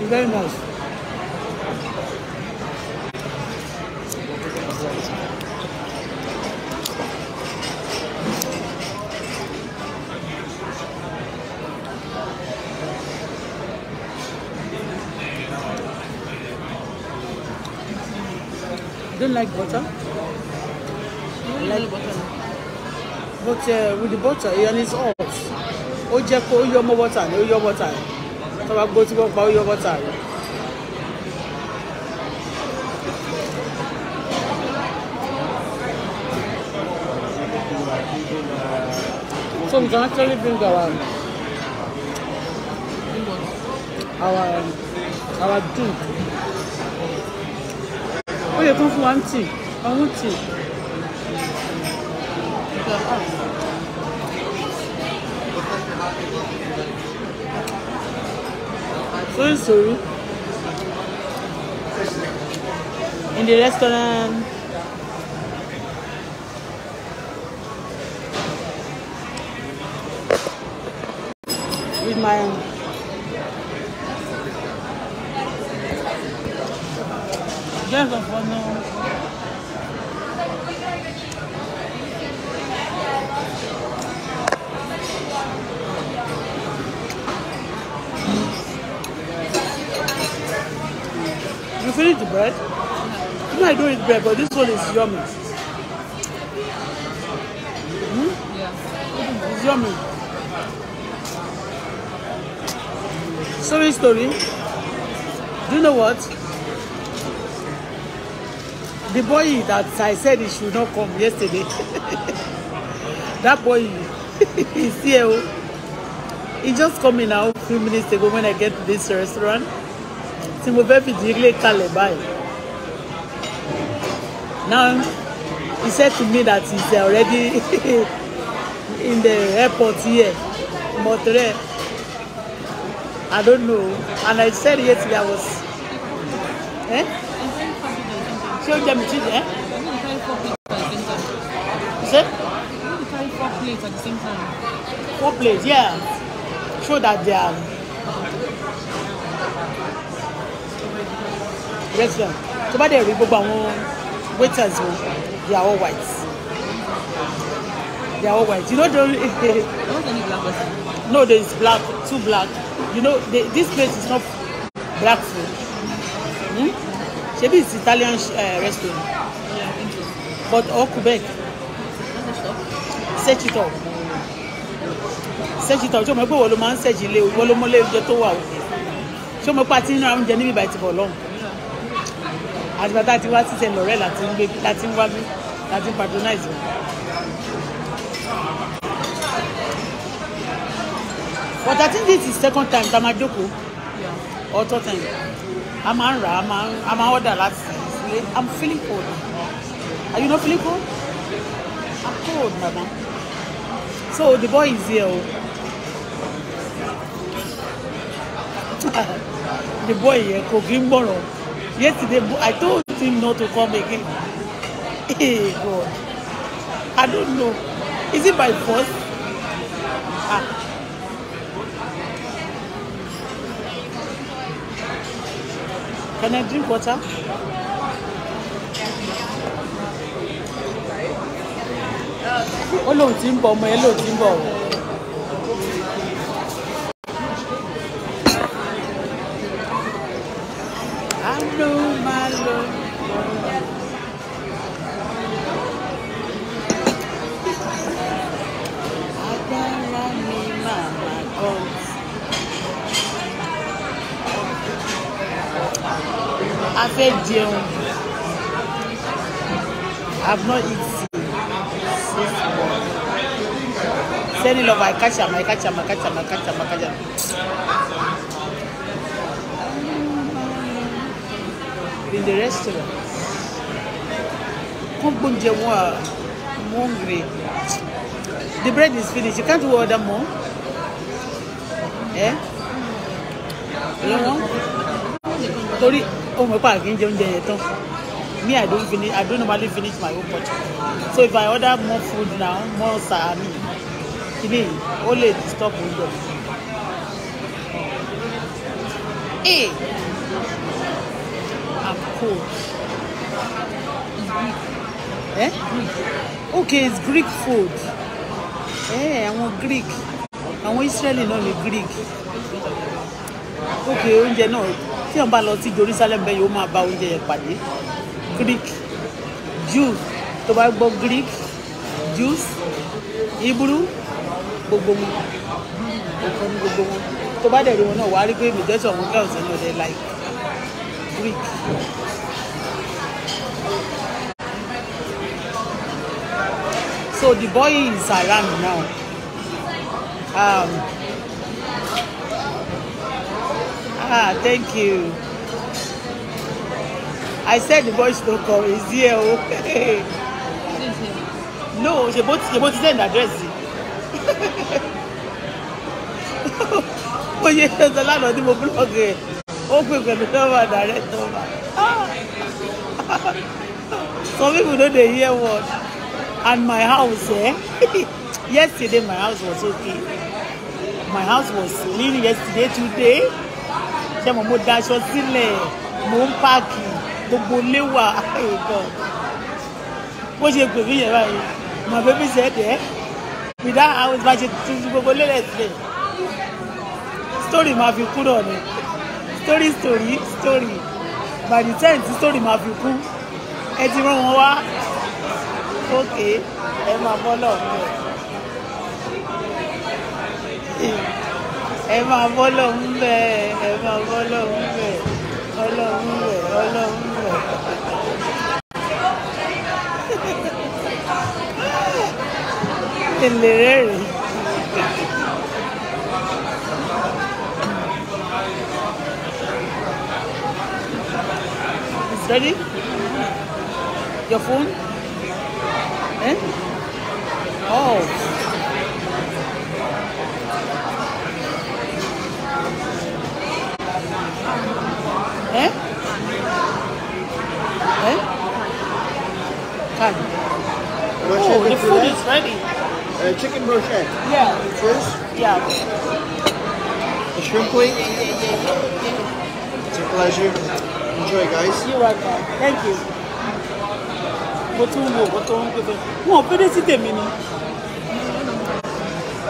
It's don't like butter. I mm, like butter. But uh, with the butter, and it's hot. Ó jẹ́ kó yọ mọ́ butter ni, ó yọ butter tó bá gbó tí wọ́n pa ó yọ bọ́tà rẹ̀. So we can actually bring our our our drink. Ó yẹ kó fún wa ń tì, ọ̀hún tì. Fusu in the restaurant. With my just You finish the bread? You know I don't eat bread, but this one is yummy. Hmm? Yeah. It's yummy. Sorry story. Do you know what? the boy that I said he should not come yesterday. that boy, he's here. Oh. He just came in now a few minutes ago when I get to this restaurant tí mo fẹ́ fìdí lé kalẹ̀ báyìí now he said to me that he's already in the airport here Montreal I don't know and I said yesterday I was eh ṣé o jẹ mi ti jẹ. Say? Four plates, yeah. Show that they are restaurant tó bá dẹ̀ rí gbogbo àwọn waiters wọn they are all white they are all white you know the only no there is black too black you know they, this place is not black food hmm? shebi it's Italian uh, restaurant yeah, but all Quebec search it up search it up ṣé o mọ̀ pé wọ́n ló máa ń search ilé wọ́n ló mọ́lé oúnjẹ tó wà òkè ṣé o mọ̀ pé àti nínú àwọn oúnjẹ níbi ìbàdí ti bọ̀ lọ́hùn àtìgbà tá a ti wá sí sẹ lọrẹ láti ń gbé láti ń wábí láti ń patronize but I think this is second time tá a máa jókòó or third time a máa ń rà á máa a máa order láti ilé I'm feeling cold are you not feeling cold I'm cold mama so the boy is here o. Oh. the boy yẹn kò kí ń yesterday i told him not to come again hey god i don't know is it by force ah can i drink water. ó lóun ti ń bọ̀ ọmọ ẹ lóun ń bọ̀ ọ́. a fẹ́ jẹun I not eat since morning sẹ́ni lọ́ba I catch am I catch am I catch in the restaurant kó gbóúnjẹ wọn à mò ń rè the bread is finished you can't order more. Eh? You know? torí ó oh, mọ̀ pé àkíńjẹ oúnjẹ yẹn tán me i don't finish i don't normally finish my own pot so if i order more food now more sahami kini o le stop oúnjẹ. Hey, I'm cold. Eh? Okay, it's Greek food. Eh, àwọn Greek. Àwọn Israeli náà ni Greek. Okay, oúnjẹ know tí wọ́n bá lọ sí Jerusalem bẹ́ẹ̀ yóò máa bá oúnjẹ yẹn pàdé Greek Jew tó bá gbọ́ Greek Jews Hebrew gbogbo wọn ọkọ ní gbogbo wọn tó bá dẹ̀rù wọn náà wàá rí pé mìjẹ́sì ọ̀hún girls ní ọ̀dẹ̀ like Greek. So the boy is around now. Um, Ah, thank you. I said the voice don't come. It's here. Okay. Oh. No, she both she both send address. Oh yeah, the lot of them the blog. Oh, we can cover direct over. Some people don't they hear what. And my house, eh? yesterday my house was okay. My house was clean yesterday, today ṣe mọ̀ mo daṣọ sílẹ̀ mò ń páàkì gbogbo léwà ẹ̀gbọ́n bó ṣe gbèbí yẹn báyìí my baby said there without house bá ṣe tuntun gbogbo lélẹ̀ sílẹ̀ story máa fi kúrò ni story story story by the time tí story máa fi kú ẹ ti rán wọn wá ókè ẹ máa bọ́ lọ́ọ̀ọ́ ẹ máa bọ́ lọ́hún bẹ́ẹ̀ ẹ máa bọ́ Ready? Your phone? Eh? Oh. Eh? Eh? Time. Oh, the food eh? is ready. Uh, chicken brochette. Yeah. First? Yeah. A shrimp wing? Yeah, yeah, yeah, It's a pleasure. Enjoy, guys. You're welcome. Thank you. What tún wo mo tún ń pépé. Wọ́n pédé sí tèmi ni.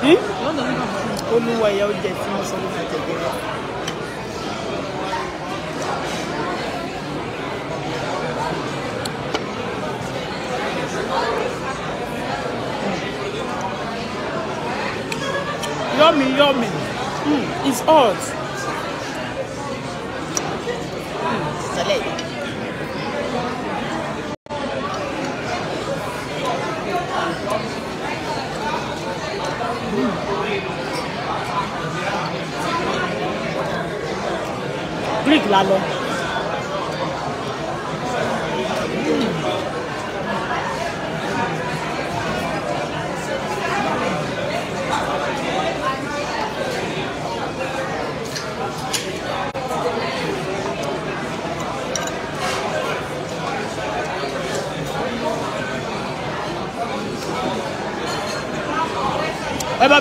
Hmm? Olúwa ìyá oúnjẹ tí mo sọ ló fẹ́ jẹ gẹ́gẹ́. yummy, yummy. Mm, it's hot. Mm, salad. Greek la lọ.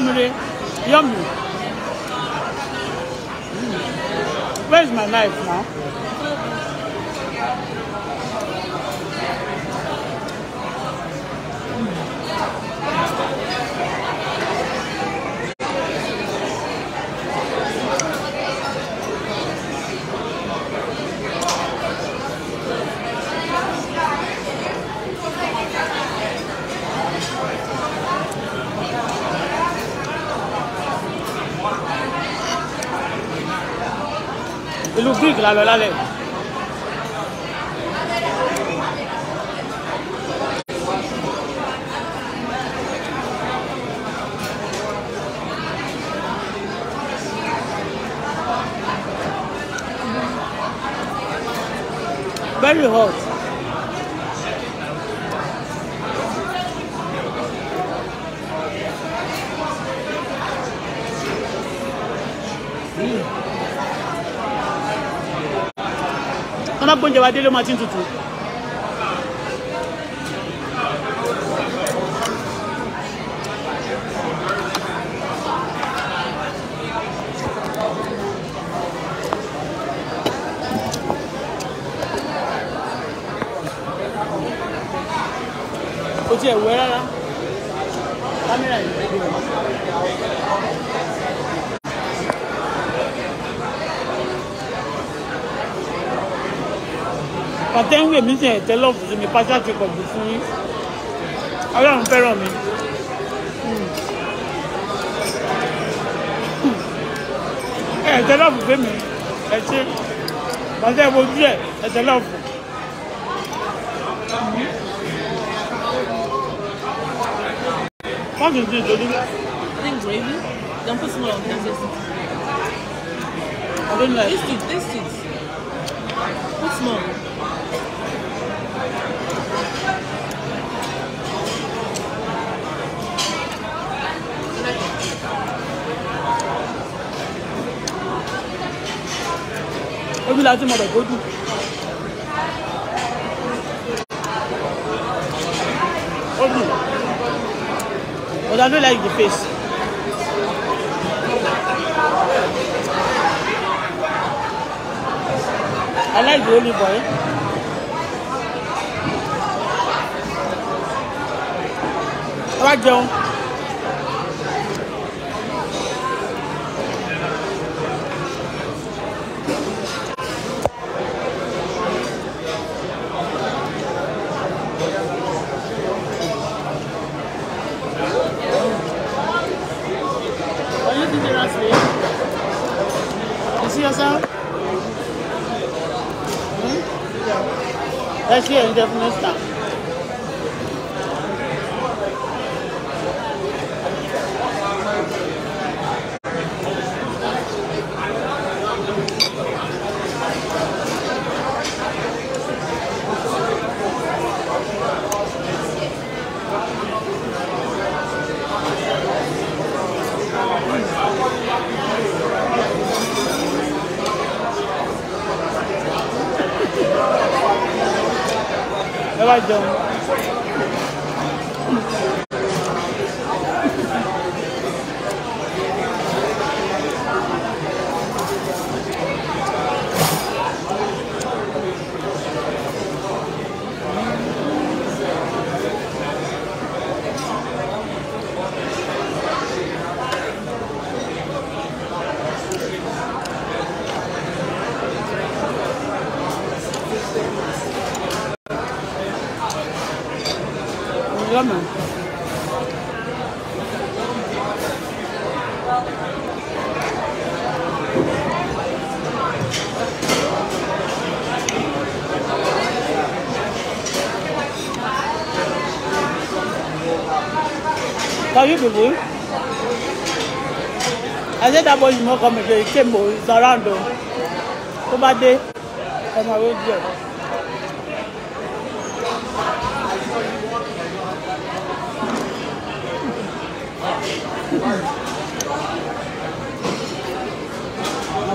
오늘의 Lalo, dale. Very hot. jẹ wá délé ó tudo. ń wè mí sìn ẹ̀tẹ́ lọ́ọ̀fù sí mi pásá ti kọ̀ọ̀bù fún yín ọlọ́run fẹ́ràn mi. Hmm. ẹ̀tẹ́ lọ́ọ̀fù fún mi ẹ ṣe pàṣẹ ìbojú ẹ̀ ẹ̀tẹ́ lọ́ọ̀fù. What is this, I think gravy. Then put some on the I don't like this. This is. Put some ojú láti mọ̀ bẹ̀ kójú. ojú but I no like the face. I like the olive oil. wá jẹun. Let's hear indefinite that boy you no come again he came o he's around tó bá dé ẹ máa wé díẹ̀.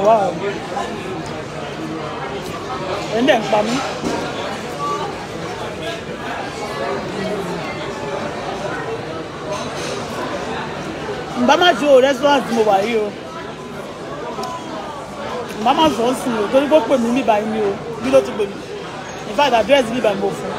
Wow. And then, dẹ̀ bá má ṣe o restaurant mo wà yìí o bá má sọ ọ́ sùn o torí pé ó pè mí níbàá yìí ni o bí ló ti pè mí in fact address níbàá mo fún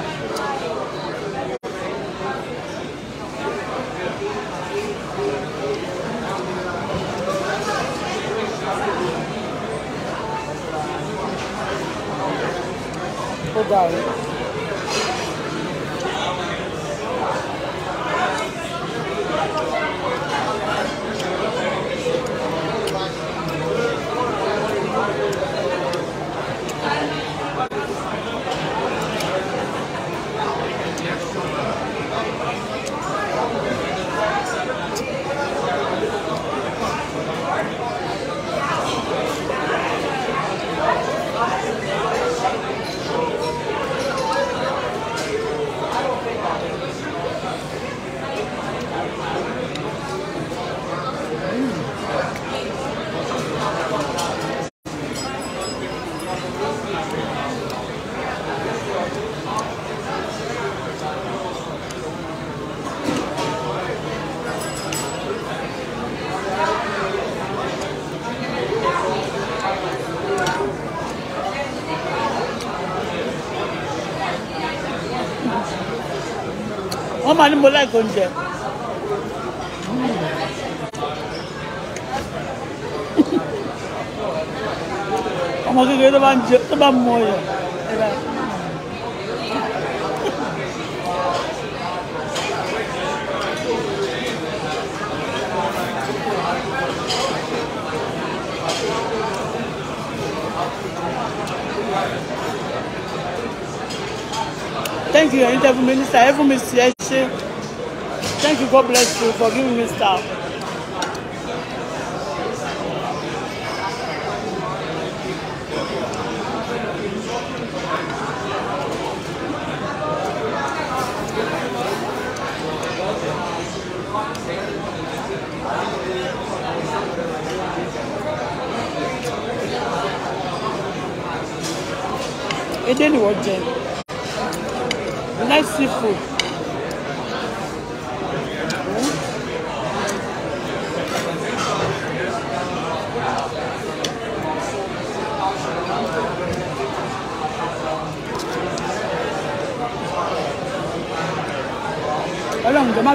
máa ní mo láìkó oúnjẹ. ọmọ kékeré tó bá ń jẹ tó bá mú ọyọ Thank you, ẹ̀yin tẹ́ fún mi ní sáà, ẹ fún mi sí ẹ. Thank you. God bless you for giving me stuff. Èdè ni wọ́n jẹ. Nice seafood.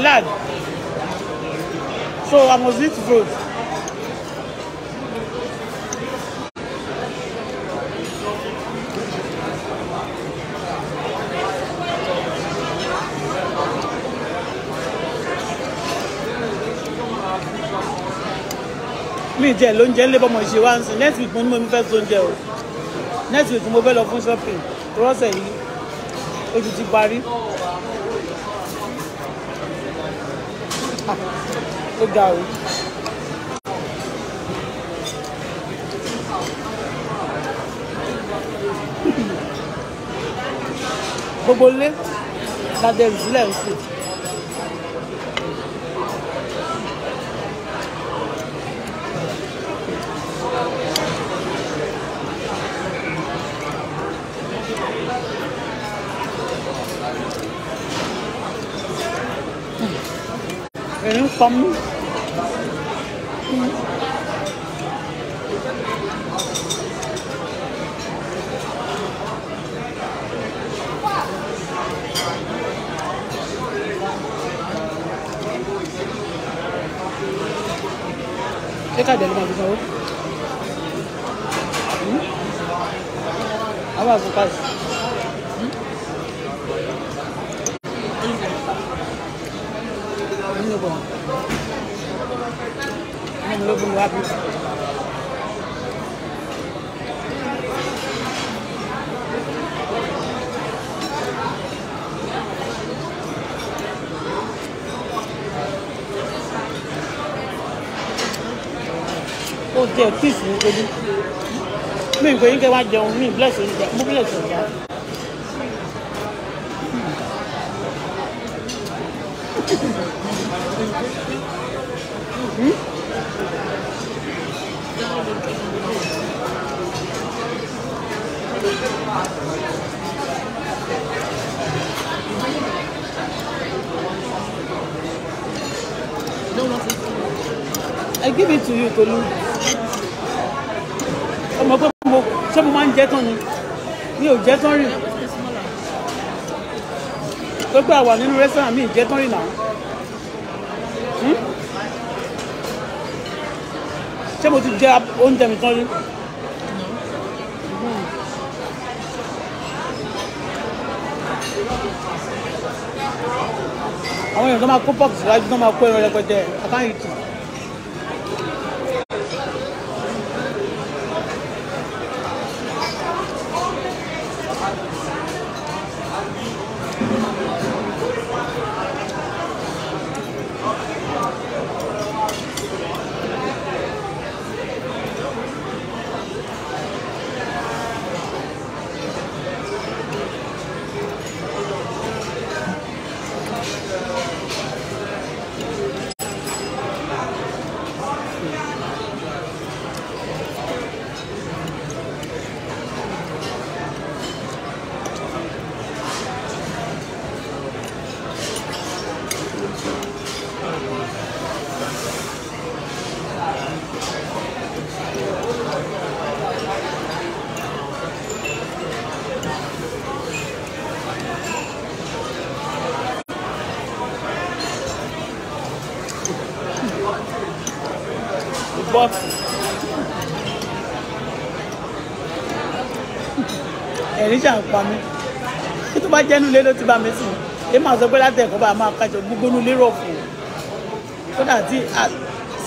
halal. So I must eat food. mi jẹ lóúnjẹ ńlẹ bọmọ ìṣe wa ń sìn next week mo ní mo fẹ́ sóúnjẹ o next week mo fẹ́ lọ fún shopping rọ́ọ̀sẹ̀ yìí oṣù ti parí. Mikha, e gawit. Ebolle. La de zone lou yon. kommen. Dekat dia kan lima puluh tahun. Apa aku kasih? हम लोग बनवा भी ó jẹ́ tíìsì nítorí mi ìgbẹ́yìn kẹ́ wá jẹun mi bless oúnjẹ mo bless you。to you Tolú ọmọ pé mo ṣé mo máa ń jẹ tán ni mi ò jẹ tán rí tó pé àwà nínú restaurant mi ì jẹ tán rí náà hmm? ṣé mo ti jẹ oúnjẹ mi tán rí. àwọn èèyàn tó máa à ń pa mí tó bá jẹ́ nulẹ̀ ló ti bá mi sùn èyí máa sọ pé láti ẹ̀kọ́ bá máa kájọ gbogbo nulẹ̀ rọ̀ fún un kódà tí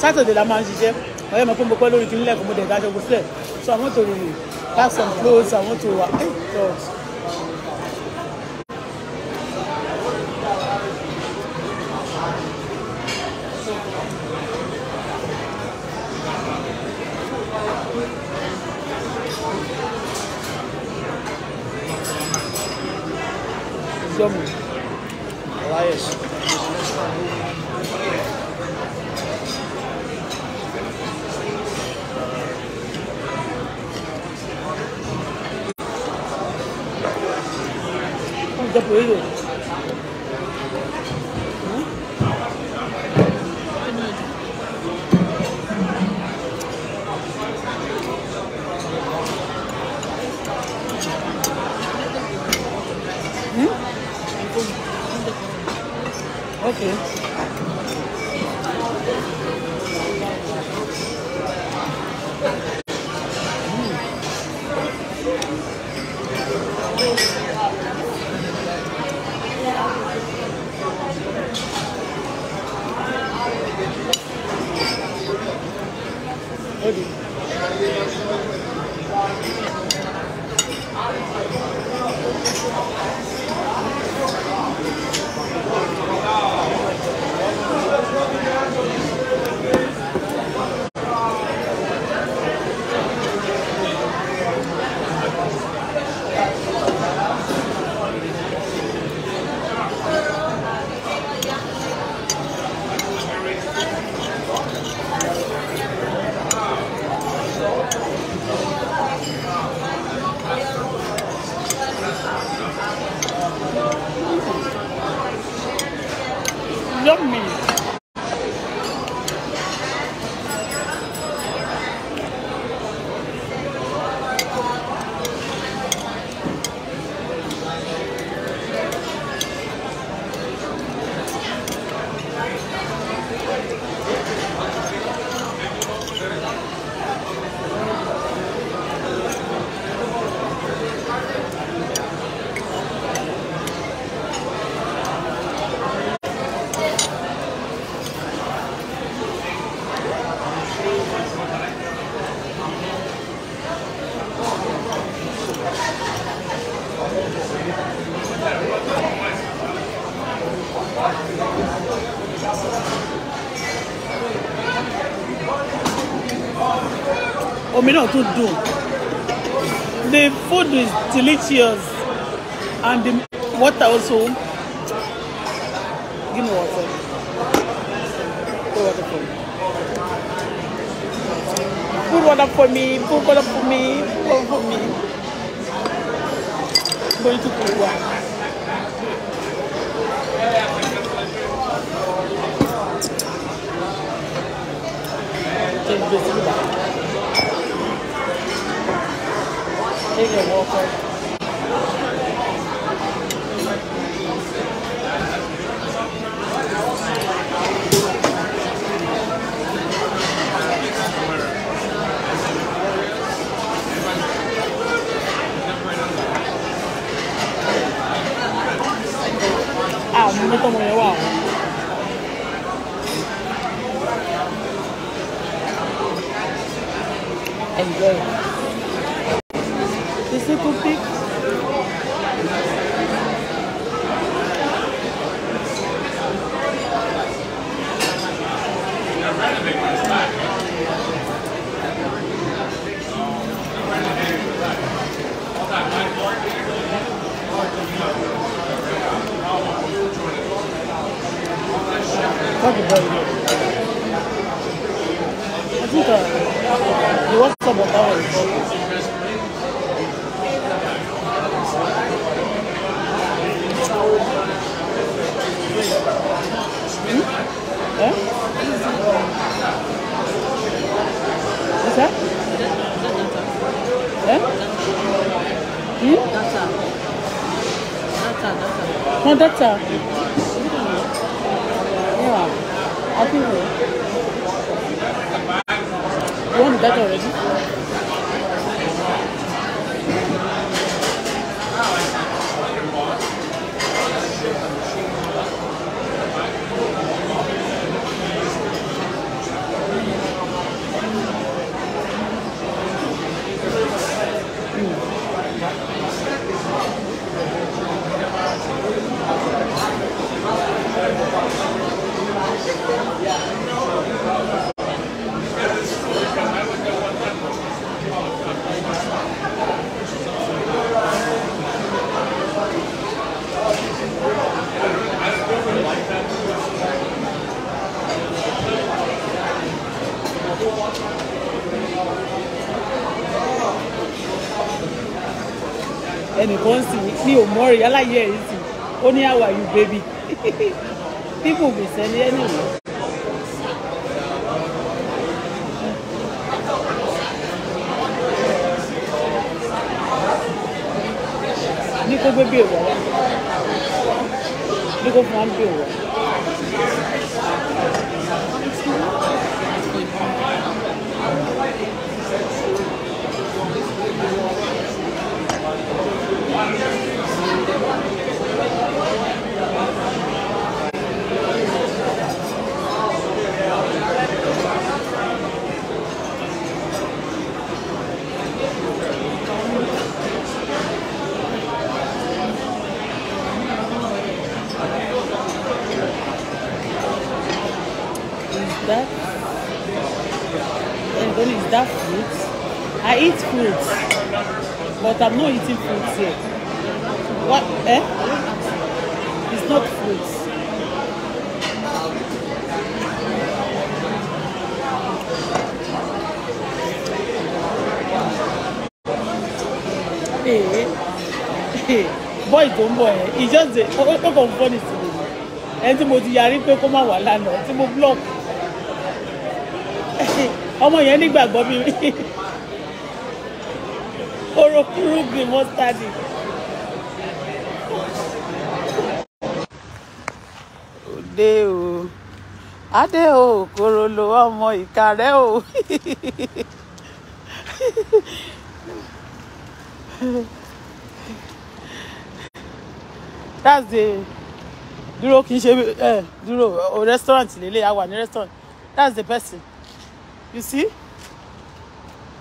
sátọ̀dẹ̀ la máa ń ṣiṣẹ́ ọ̀rẹ́ mi kó mo pẹ́ lórí kí nílẹ̀ kó mo dẹ̀ kájọ gbogbo sílẹ̀ so àwọn tó rìn pass and close àwọn tó wà eh, do. The food is delicious and the water also. Give me water. Put water for me. Put water for me. Put water for me. Put water for me. I'm going to put water. take a walk out. Ah, não tomo You want that already? ẹnìkan sì mi ò mọ̀ rí aláyé ẹ̀rí sí ó ní how are you baby people be sẹ́ni ẹni wò. ní kó gbé bí èèwọ̀ wá ní kó fún wa ní bí èèwọ̀ wá. have fruits. I eat fruits, but I'm not eating fruits yet. What? Eh? It's not fruits. Hey, hey, boy tó ń bọ̀ ẹ̀ he just Oh, ó kàn fọ́nì sí mi ẹni tí mo ti yarí pé kó má wà lánàá tí mo block ọmọ yẹn nígbàgbọ́ bí mi orokuru green mustard. òde o adé o korolo ọmọ ìka rẹ o that's the dúró kì í ṣe eh, dúró restaurant lélẹ̀ a wà ní restaurant that's the person you see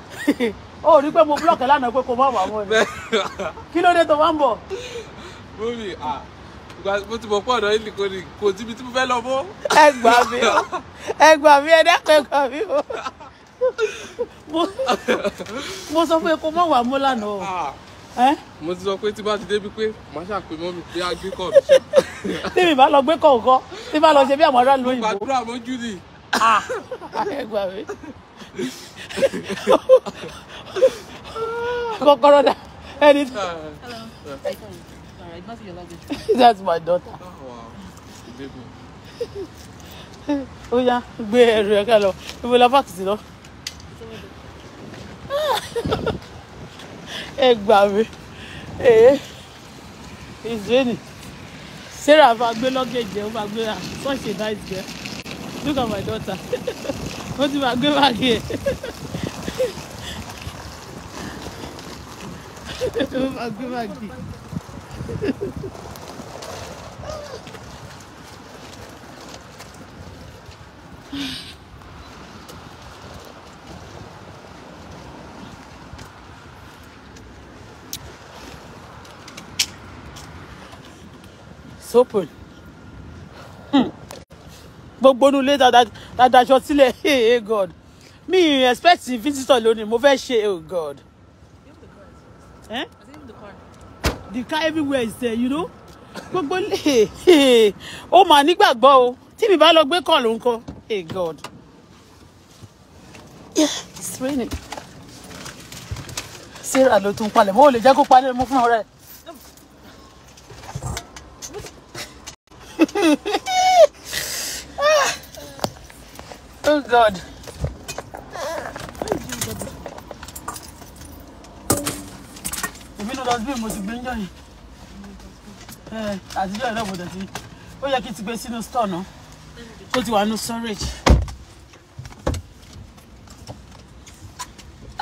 Oh, rí pé mo block ẹ lánàá pé kò má wà mọ́ ẹ kí ló dé tó wá ń bọ̀. mọ́mí à ah, mo ti mọ̀ pọ̀ ọ̀dọ̀ yìí kò ní kò síbi tí mo fẹ́ lọ mọ́. ẹ gbà mí ẹ gbà mí ẹ dẹ́kun ẹ gbà mí o mo sọ pé kò má wà mọ́ lánàá ah, mo ti sọ pé tí bá ti débi pé màá ṣàpè mọ́ mi pé á gbé kọ́ mi ṣe. tí mi bá lọ gbé kọ̀ ọ̀gọ́ tí bá lọ ṣe bí àwọn ará lóyìnbó. mo gbàdúrà mọ́jú ni ẹgbà ah. mi ah, kọ́kọ́rọ́ dà ẹni. that's my daughter. Oh, ó yá gbé ẹrù ẹ ká lọ ibo la báàkì sí lọ. ẹgbà mi ee sarah bá gbé lọ́gẹ̀jẹ̀ ó bá gbé à sọ́ọ̀ṣì náà jẹ́. Look at my daughter. What if I go back here? i go back here. So cool. Hmm. gbogbo inú ilé dadaṣọ sílẹ̀ hey god mi expect visitor lónìí mo fẹ́ ṣe oh god. Eh? the car everywhere is there you know gbogbo ó mà nígbàgbọ́ o tí mi bá lọ gbé kàn ló ń kọ́ hey god yeah, it's raining. sarah ló tún palẹ̀ mo ò lè jẹ́ kó palẹ̀ mo fún ọ̀rẹ́. Oh God. Èmi náà dustbin mo ti gbé ń yàn yìí. Àtijọ́ ìlú ọ̀bọ̀dọ̀ sí. Ó yẹ kí n ti gbé sínú store náà. Kó ti wà nínú storage.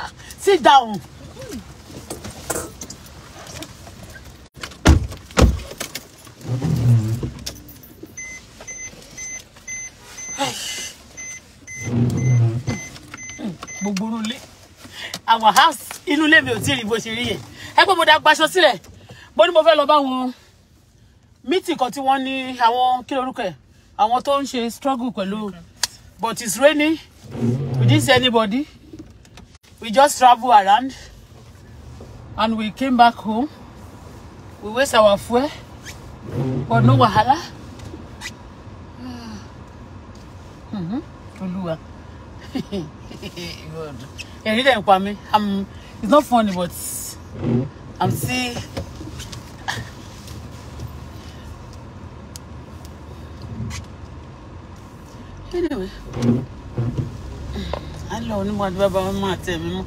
Ah, sit down. àwọn house inú ilé mi ò tí ì rí bó ṣe rí yẹn ẹ pé mo dá gbaṣọ sílẹ̀ mo ní mo fẹ́ lọ bá wọn mítì kan tí wọ́n ní àwọn kí lorúkọ ẹ̀ àwọn tó ń ṣe struggle pẹ̀lú but it's raining we didn't see anybody we just travel around and we came back home we waste our fuel but no wahala. Mm-hmm. Olúwa. Yeah, you didn't pa mí i'm it's not funny but mm-hmm. i'm see. anyway I don't know what bá wọn máa tẹ̀ mí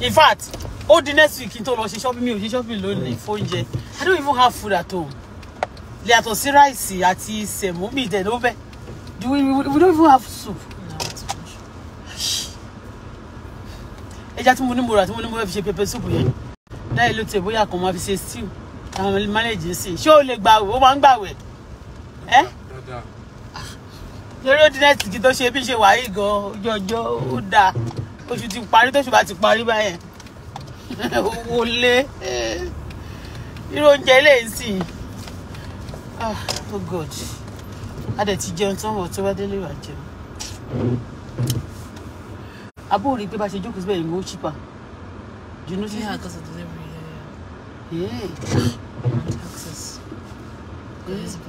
in fact all the next week kí n tó lọ ṣe shopping mi ò ṣe shopping lónìí mm-hmm. fóúnjẹ i don't even have food at home yàtọ̀ sí ráìsì àti sẹ̀mó mi ìtẹ̀ ló over. Do we, we don't even have soup. ẹja tí mo ní mo rà tí mo ní mo fẹ́ fi ṣe pepper soup yẹn láì ló tẹ bóyá kan máa fi ṣe stew àwọn manager ń sè ṣé o lè gbàwé o máa ń gbàwé ẹ lórí ordinance kí tó ṣe bí ṣe wáyé gan ojú ọjọ́ ó dáa You ti parí tóṣù bá ti parí báyẹn owó lé irú oúnjẹ ilé ah, oh god a dẹ̀ ti jẹun tán wọ́n tó wá délé wà jẹun. abó rí pé bá ṣe jókòó síbẹ̀ yìí mo chipa. you know yeah, because of ìgbà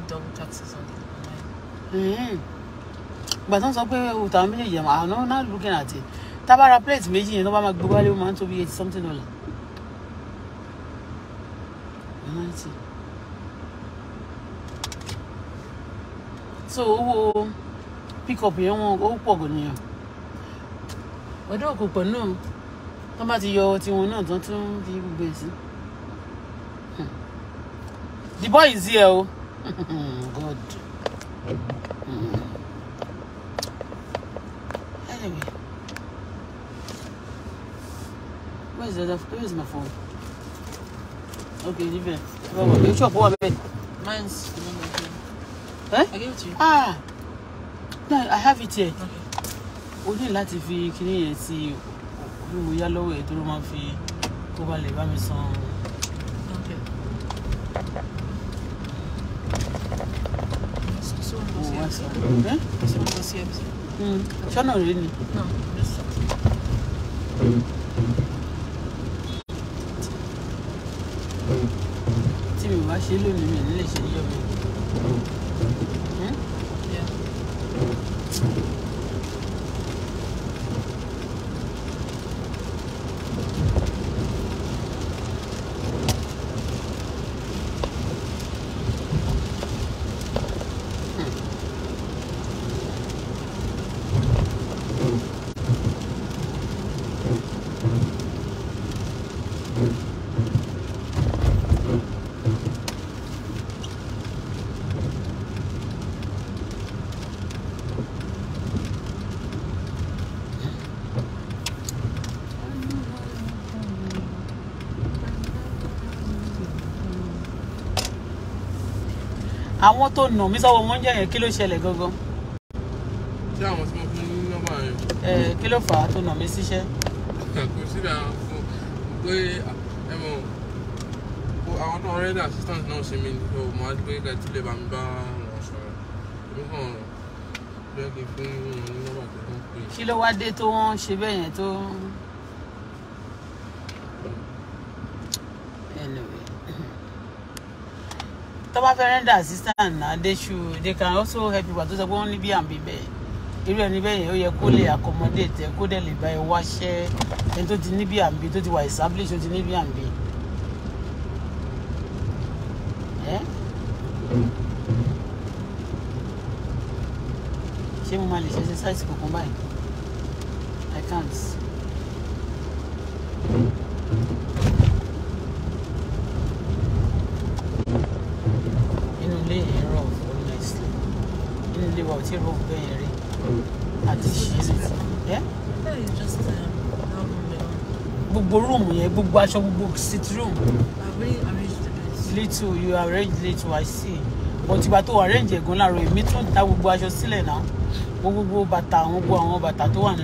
tó ń sọ pé òtò àwọn méjèèjì àwọn àwọn náà looking at it tábàrà plate méjì yẹn tó bá máa gbé wálé ó máa ń tóbi eighty something dollar. so owó pickup yẹn wọn ó pọ̀ gan nìyẹn ọ̀dọ́ òkùnkùn náà tó bá ti yọ tiwọn náà tó tún fi gbogbo ẹ̀ sí. the boy is here o god anyway where is the other where is my phone okay leave it. Well, you chop one bit. Mine's. Eh? I gave it to you. Ah. No, I have it here. Okay. O ní láti fi kíní yẹn sí orí mo yá lọ́wọ́ ẹ̀ tó ló máa fi kó ba lè bá mi san. Okay. Sọ́nà rẹ ni. Tí mi ò bá ṣe lónìí mi nílé ṣe yọ mi. àwọn tó nà mí sọ́wọ́ wọn jẹ́ yẹn kí ló ṣẹlẹ̀ gangan. ṣé àwọn tí mo fún ní nọ́mbà yẹn. ẹ kí ló fà á tó nà mí síṣẹ́. kò síbi àwọn fún pé ẹ mọ àwọn tó ń rẹ́dà assistant náà ṣe mí ní o máa gbé ká tilẹ̀ bá mi bá wọn sọ̀rọ̀ èmi kàn jẹ́ fún wọn ní tó kún pé. kí ló wá dé tó wọ́n ṣe bẹ́ẹ̀ yẹn tó referendal assistant Adeshu they can also help you àtúnṣe pé wọ́n ní bí à ń bí irú ẹni bẹ́ẹ̀ yẹn ó yẹ kó lè hmm. accommodate ẹ kó dẹ̀ lè bá ẹ wáṣẹ́ ẹni tó ti ní bí à tó ti wà establish tó ti ní bí à ṣé mo máa lè ṣe ṣe kankan báyìí I can't. ò uh, room, ì rò bẹ́ẹ̀ yẹn rí àti ṣíṣe sit room. little you arrange little I see but ìgbà tó arrange ẹ̀gán láàárọ̀ èmi tún dá gbogbo aṣọ sílẹ̀ náà gbogbo bàtà àwọn gbogbo àwọn bàtà tó wà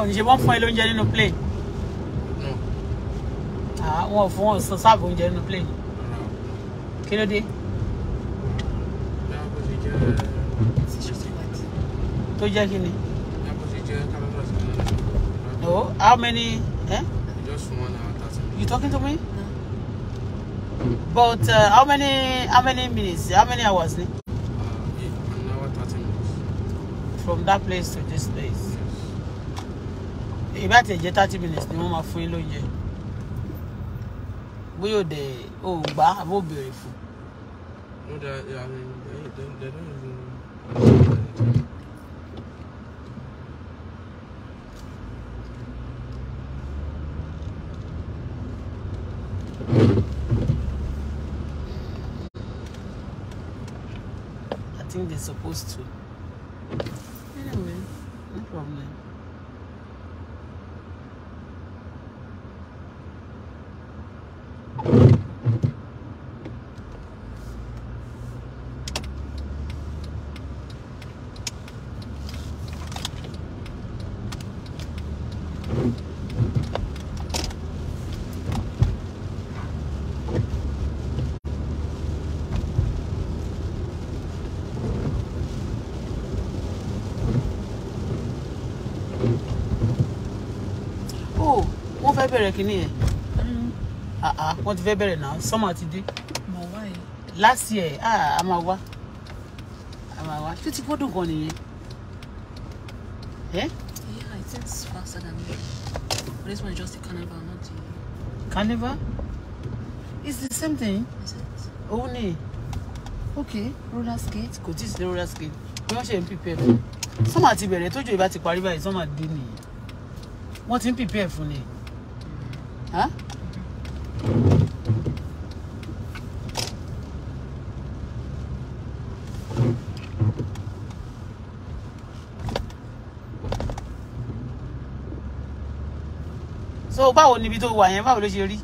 ò ní ṣe wọ́n fún ẹ lóúnjẹ nínú plane ah, wọn ò fún ọ̀sán sáàbù oúnjẹ nínú plane kí ló dé. tó jẹ́ kí ni. no how many. Eh? you talking to me. No. But uh, how many how many minutes? How many hours? Uh, From that place to this place ìbá tiẹ̀ jẹ́ thirty minutes ni wọ́n máa fún yín lóúnjẹ bóyá òde ò gbá àbó béèrè fún. I think they're supposed to. fẹ́ bẹ̀rẹ̀ kínní yẹn mm. ah, ah, wọ́n ti fẹ́ bẹ̀rẹ̀ náà sọ́mọ ti dé last year ah, a máa wá a máa wá tó ti gbọ́dọ̀ gan nìyẹn. Eh? Yeah, it faster than me. this one is just the carnival, not the. Carnival? It's the same thing. Is it? Oh, Okay, roller skate. Kò tíì sí roller skate. Bí wọ́n ṣe ń prepare fún. Sọ́mà ti bẹ̀rẹ̀ tójú ìbá ti parí báyìí, sọ́mà dé nìyí. Wọ́n ti ń prepare fún ni. Huh? so báwo níbi tó wà yẹn báwo ló ṣe rí.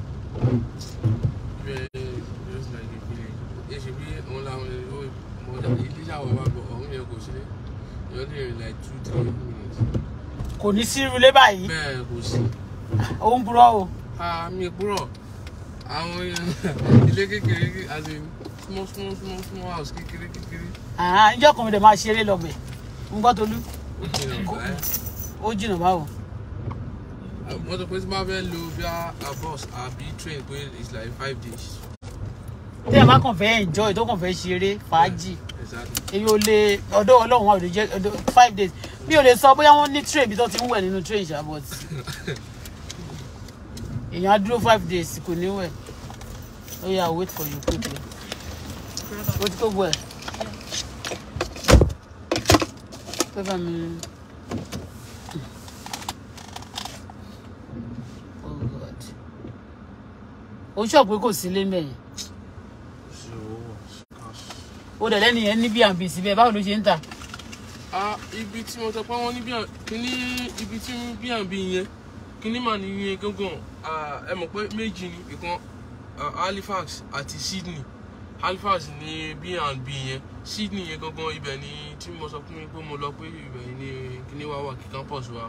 kò ní sí irú ilé báyìí. bẹ́ẹ̀ kò sí. ó ń burọ́ o mi púrọ̀ àwọn ilé kékeré in small small small small house kékeré kékeré. ìjọ kan mi dẹ̀ máa ṣeré lọ́gbẹ̀ ń gbọ́ Tolú. ó jìnnà báwo. wọ́n sọ pé tí máa fẹ́ lo bí a bus àbí train pé it's like five days. tí ẹ bá kàn fẹ́ enjoy tó kàn fẹ́ ṣeré fàájì èyí ò lè ọ̀dọ̀ Ọlọ́run wa ò lè jẹ five days mi ò lè sọ bóyá wọ́n ní train bí tó ti ń wẹ̀ nínú train ṣá but. èèyàn á dúró five days kò ní wẹ̀ ó yà wait for you quickly o ti kó gbọ́ ẹ̀ pé bá mi. Oh o ṣọ̀ pé kò sí lé mẹ́yìn o dẹ̀ lẹ́nu yẹn ní B&B síbẹ̀ báwo ló ṣe ń tà. ibi tí mo sọ pé wọ́n ní bí ibi tí B&B yẹn kí ni màá nìyẹn gángan ẹ mọ̀ pé méjì ni ìkan Halifax àti Sydney Halifax ní B&B yẹn Sydney yẹn gangan ibẹ̀ ni tí mo sọ fún mi pé mo lọ pé ibẹ̀ ni kíní wa wà kí campus wa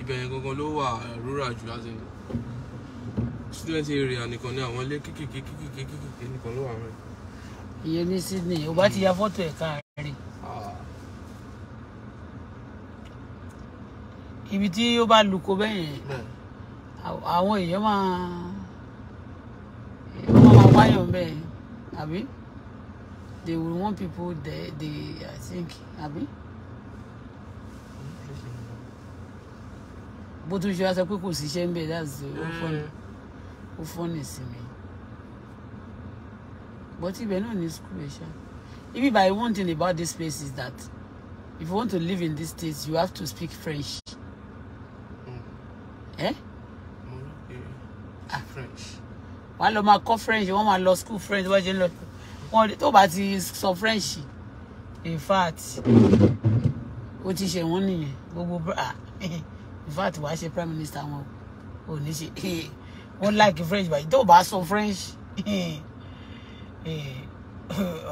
ibẹ̀ yẹn gangan ló wà rural jù láti ní student area nìkan ni àwọn ilé kékèké kékèké kékèké nìkan ló wà rẹ. ìyẹn ní Sydney ò bá ti ya fọ́tò ẹ̀ káàárín. ibi tí ó bá lu ko bẹ́ẹ̀ yẹn àwọn èèyàn máa wọ́n máa wáyàn bẹ́ẹ̀ àbí they will want people there they I think àbí. bó tún ṣe wá sọ pé kò síṣẹ́ ń bẹ̀ that's the ó fọ́nì ó fọ́nì sí mi but ibẹ̀ náà ní school ẹ̀ ṣá if you buy one thing about this place is that if you want to live in this state you have to speak French. Mm. Eh? wà á lọ máa kọ́ french wọ́n máa lọ school french wọ́n ṣe ń lọ wọn tó bá ti so french in fact ó ti ṣe wọ́n nìyẹn gbogbo ah, in fact wàá ṣe prime minister wọn ò ní ṣe wọ́n like french báyìí tó bá so french eh,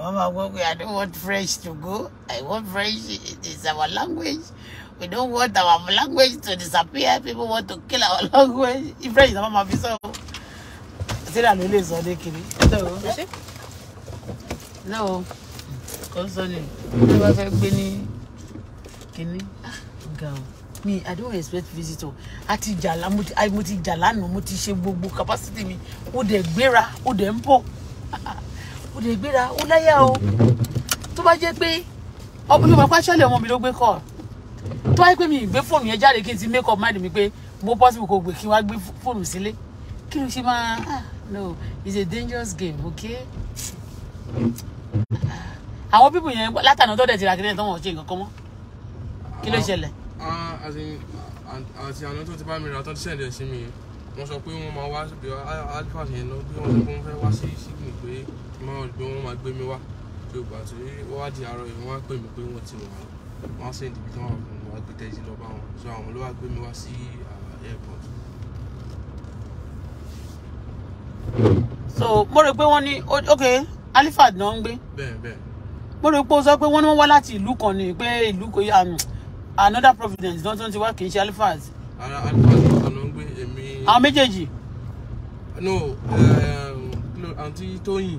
wọ́n máa gbọ́ pé i don't want french to go i want french it is our language We don't want our language to disappear. People want to kill our language. French is not my visa. Say that really is only kidding. No. No. Concerning. They were very penny. Kenny, Go. Me, I don't expect visitor. Àti jàlá, mo ti, I mo ti jàlá nù, mo ti capacity me. Ó dẹ̀ gbéra, ó dẹ̀ ń bọ̀. Ó dẹ̀ gbéra, ó láyà o. Tó bá jẹ́ pé ọmọ mi máa pàṣẹ lé ọmọ mi ló tó bá yẹ pé mi ìgbé fóònù yẹn jáde kí n ti make up mind mi pé bó possible kò gbé kí n wá gbé fóònù sílé kí n ṣe máa ah no it's a dangerous game okay. àwọn pípù yẹn látàná tó dẹ̀ ti ra kí ní ẹ̀ tó wọ́n ṣe nǹkan kan mọ́ kí ló ṣẹlẹ̀. Ah, ah, àti àná tó ti bá mi ra tó ti ṣẹ̀dẹ̀ sí mi wọ́n sọ pé wọ́n máa wá bí alifa yẹn lọ bí wọ́n sọ pé wọ́n fẹ́ wá sí sígùn pé máa gbé wọ́n máa gbé mi wá tí ó gbà tí wọ́n wá di àárọ̀ yìí wọ́n á pè mí pé wọ́n ti wà á wọ́n send ibi tí wọ́n wà fún mi wá gbé taxi lọ bá wọn so àwọn ló wá gbé mi wá sí uh, airport. so mo rò pé wọ́n ní ok alifad náà ń gbé. bẹ́ẹ̀ mo rò pé o sọ pé wọ́n ní wọ́n wá láti ìlú kan ni pé ìlú kò yá um, another providence náà tó ti wá kì í ṣe alifad. ara alifad náà ló ń gbé èmi. àwọn méjèèjì. no um, àǹtí tóyìn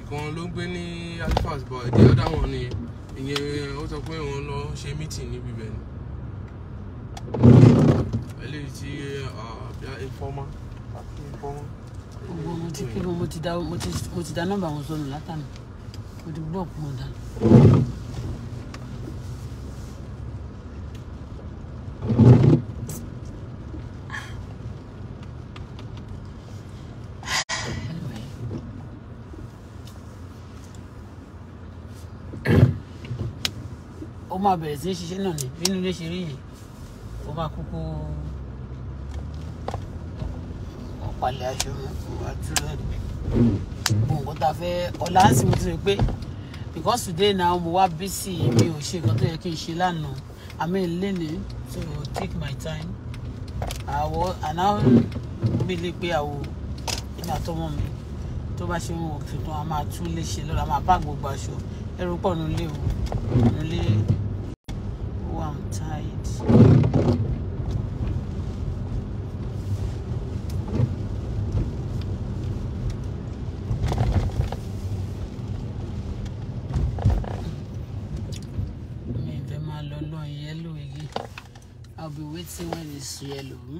ìkan ló ń gbé ní alifad but the other one ni ìyẹn ó sọ pé òun lọ ṣe mítìn níbi bẹ̀ ni eléyìí tí ìfọ́mọ́ àti ìfọ́mọ́. mo ti kí mo ti da nọ́mbà wọn sọnù látàmì mo ti gbọ́ ọ̀pọ̀ dànù. máa bẹ̀rẹ̀ sí ṣiṣẹ́ náà ni nínú ilé ṣe rí yìí ó máa kúkú ọ̀pàlẹ̀ aṣọ àtúrò gbogbo nǹkan tá a fẹ́ ọ̀la á sì mo ti rò pé because today now mo wá bísí mi ò ṣe nǹkan tó yẹ kí n ṣe lánàá àmì ìlénì so take my time àwọ̀ àná mi lè pé àwọ̀ èmi àtọmọ mi tó bá ṣe ń wọ̀ tuntun a máa tún lè ṣe lọ́la a máa bá gbogbo aṣọ ẹrù pọ̀ nílé o nílé. èso ẹlòmí.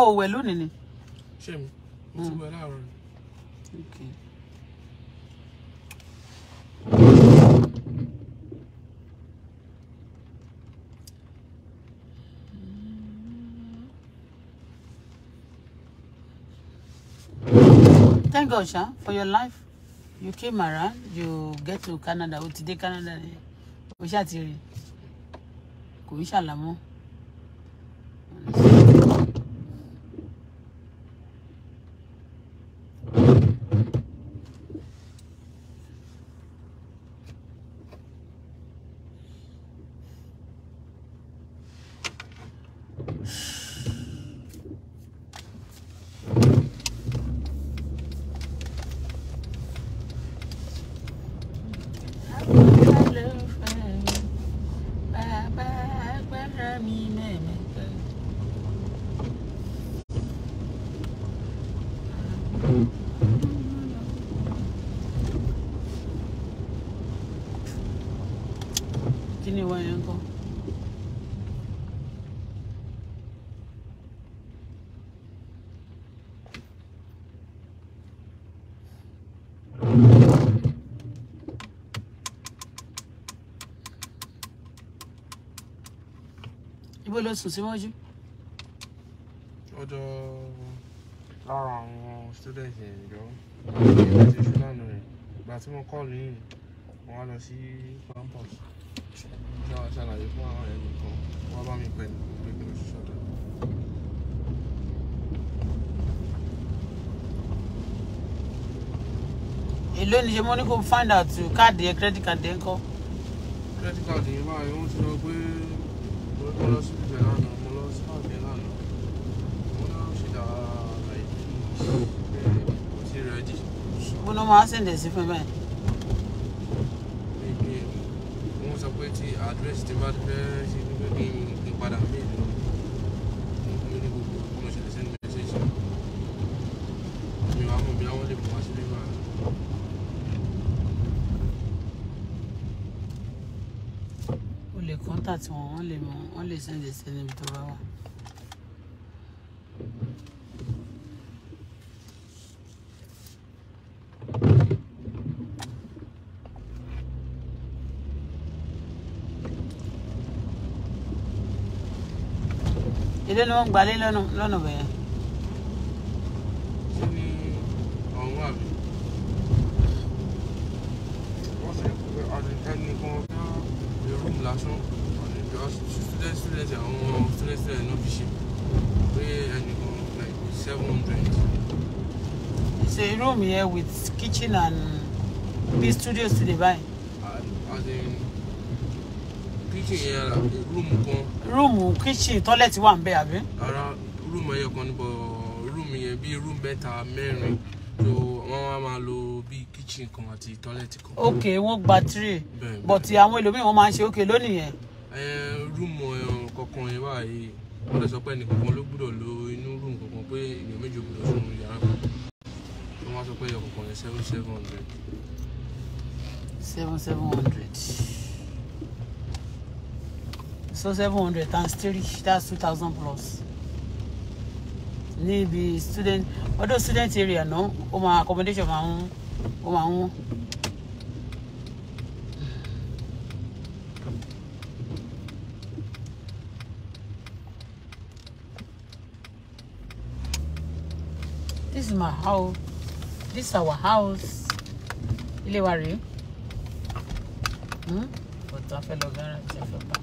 ọ ò wẹ̀ lónìí ni. ṣé mi mo Okay. Thank God, Sha, for your life you came around you get to Canada o ti dé Canada ni o ṣáà ti rí kò ń ṣàlámọ́. bó ló sùn síwájú. ọ̀dọ̀ lára àwọn student yẹn ìjọ ìwé ti ṣú lánàá rẹ̀ ìgbà tí wọ́n kọ́ọ̀lù yìí wọ́n á lọ sí campus ṣé wàá ṣàlàyé fún àwọn ẹ̀mí kan wọ́n bá mi pẹ̀lú pé kí n ṣọ́dọ̀. èló ni ṣe mo ní kó find out káàdì ẹ credit card ẹ ń kọ́. credit card yìí máa ń sọ pé mo lọ sí ìjẹ lánàá mo lọ sí pàdé lánàá mo náà ṣe dá àìdí kò sí rẹ́dì. mo náà máa ṣèǹdẹ̀ sí fún báyìí. mi ni wọ́n sọ pé tí àdírẹ́sì ti bá fẹ́ ṣe ní pé kí n padà mí wọ́n lè mú wọ́n lè sẹ́ńdẹ̀ sí ẹni tó bá wà. ilé ni wọ́n gbalé lọ́nà lọ́nà bẹ̀yẹn. Lásán àwọn student student àwọn student student náà fi ṣe pé ẹnìkan like seven hundred. it's a room here with kitchen and be studios to dey buy. as in kitchen yẹn la room kan. room kitchen toilet one bed, bẹ ara room ẹyọ kan níbọ̀ room yẹn bí room mẹ́ta mẹ́rin so wọ́n wá máa lo kitchen kan àti toilet kan. ok wọ́n gba tray but àwọn ẹlòmíràn wọ́n máa ń ṣe ok lónìí yẹn rúùmù kankan yẹn báyìí wọ́n lè sọ pé ẹnì kankan ló gbúdọ̀ lo inú rúùmù kankan pé èèyàn méjì gbúdọ̀ sùn yàrá kan wọ́n wá sọ pé ẹyọ kankan yẹn seven seven hundred. seven seven hundred so seven hundred times three that's two thousand plus níbi student ọdún student area náà ó máa accommodation máa ń ó máa ń is my house this is our house ilé wa rèé ọ̀tọ̀ hmm? afẹ́ lọ gáràn tí a fẹ́ bá.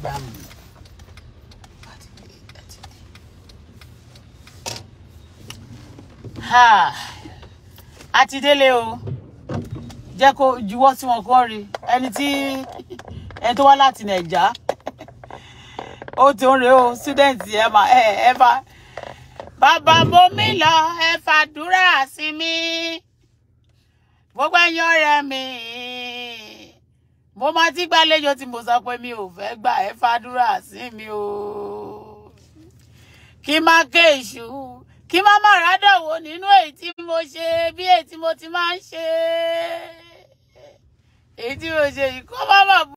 gbàmù. a ti délé o jẹ́ kó juwọ́ tí wọ́n kọ́ rí ẹni tí ẹni tó wá láti nàìjà ó ti ń rèé o student ẹ mà ẹ ẹ fa bàbá mo mi lọ ẹ fàdúrà sí mi gbogbo ẹ̀yin ọ̀rẹ́ mi mo máa ti gbàlejò tí mo sọ pé mi ò fẹ́ gbà ẹ fàdúrà sí mi o kí má ké èṣù kí má má rádọ̀wò nínú èyí tí mo ṣe bí èyí tí mo ti máa ń ṣe èyí tí mo ṣe yìí kó má má.